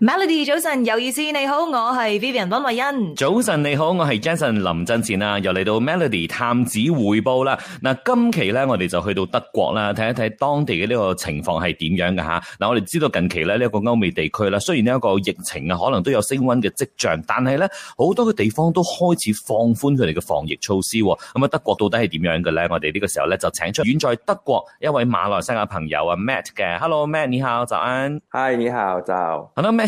Melody 早晨，有意思，你好，我係 Vivian 溫慧欣。早晨，你好，我係 Jason 林振前啊，又嚟到 Melody 探子回報啦。嗱，今期咧，我哋就去到德國啦，睇一睇當地嘅呢個情況係點樣嘅吓。嗱，我哋知道近期咧呢一個歐美地區啦，雖然呢一個疫情啊，可能都有升溫嘅跡象，但係咧好多嘅地方都開始放寬佢哋嘅防疫措施。咁啊，德國到底係點樣嘅咧？我哋呢個時候咧就請出遠在德國一位馬來西亞朋友啊，Matt 嘅。Hello，Matt，你好，早晨。Hi，你好，早。Hello，Matt。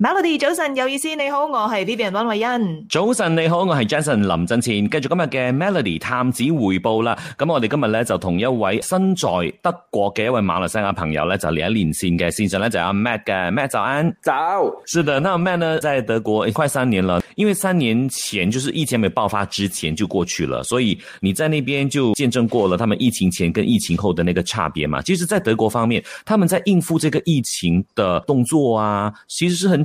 Melody 早晨，有意思，你好，我係呢邊溫慧欣。早晨你好，我係 Jason 林振前，繼續今日嘅 Melody 探子回報啦。咁我哋今日咧就同一位身在德國嘅一位馬來西亞朋友咧就連一連線嘅先生咧就阿、是啊、Matt 嘅，Matt 早安，走是的啦 Matt 呢，在即係德國快三年啦，因為三年前就是疫情未爆發之前就過去了，所以你在那邊就見證過了，他們疫情前跟疫情後的那個差別嘛。其實，在德國方面，他們在應付這個疫情的動作啊，其實是很，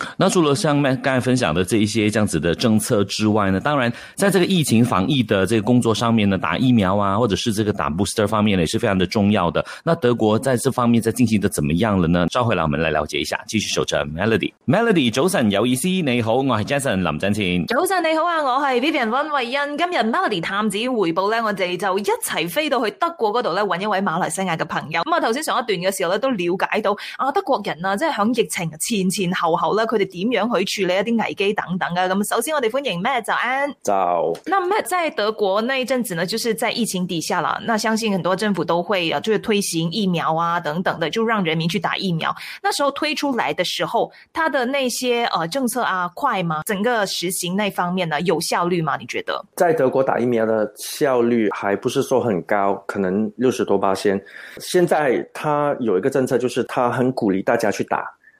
嗯、那除了上面剛才分享的這一些這樣子的政策之外呢，當然，在這個疫情防疫的這個工作上面呢，打疫苗啊，或者是這個打 booster 方面呢，也是非常的重要的。那德國在這方面在進行得怎麼樣了呢？召回來，我們來了解一下。繼續守着 Melody，Melody，早晨有意思。C，你好，我係 Jason 林振前。早晨你好啊，我係 Vivian 溫慧恩。今日 Melody 探子回報呢，我哋就一齊飛到去德國嗰度呢，揾一位馬來西亞嘅朋友。咁麼頭先上一段嘅時候呢，都了解到啊，德國人啊，即係響疫情前前後後。佢哋點樣去處理一啲危機等等嘅？咁首先我哋歡迎咩？早安，早。那咩？在德國那一陣子呢？就是在疫情底下啦。那相信很多政府都會啊，就是推行疫苗啊，等等的，就讓人民去打疫苗。那時候推出來的時候，他的那些呃政策啊，快嗎？整個實行那方面呢，有效率嗎？你覺得？在德國打疫苗的效率還不是說很高，可能六十多巴仙。現在他有一個政策，就是他很鼓勵大家去打。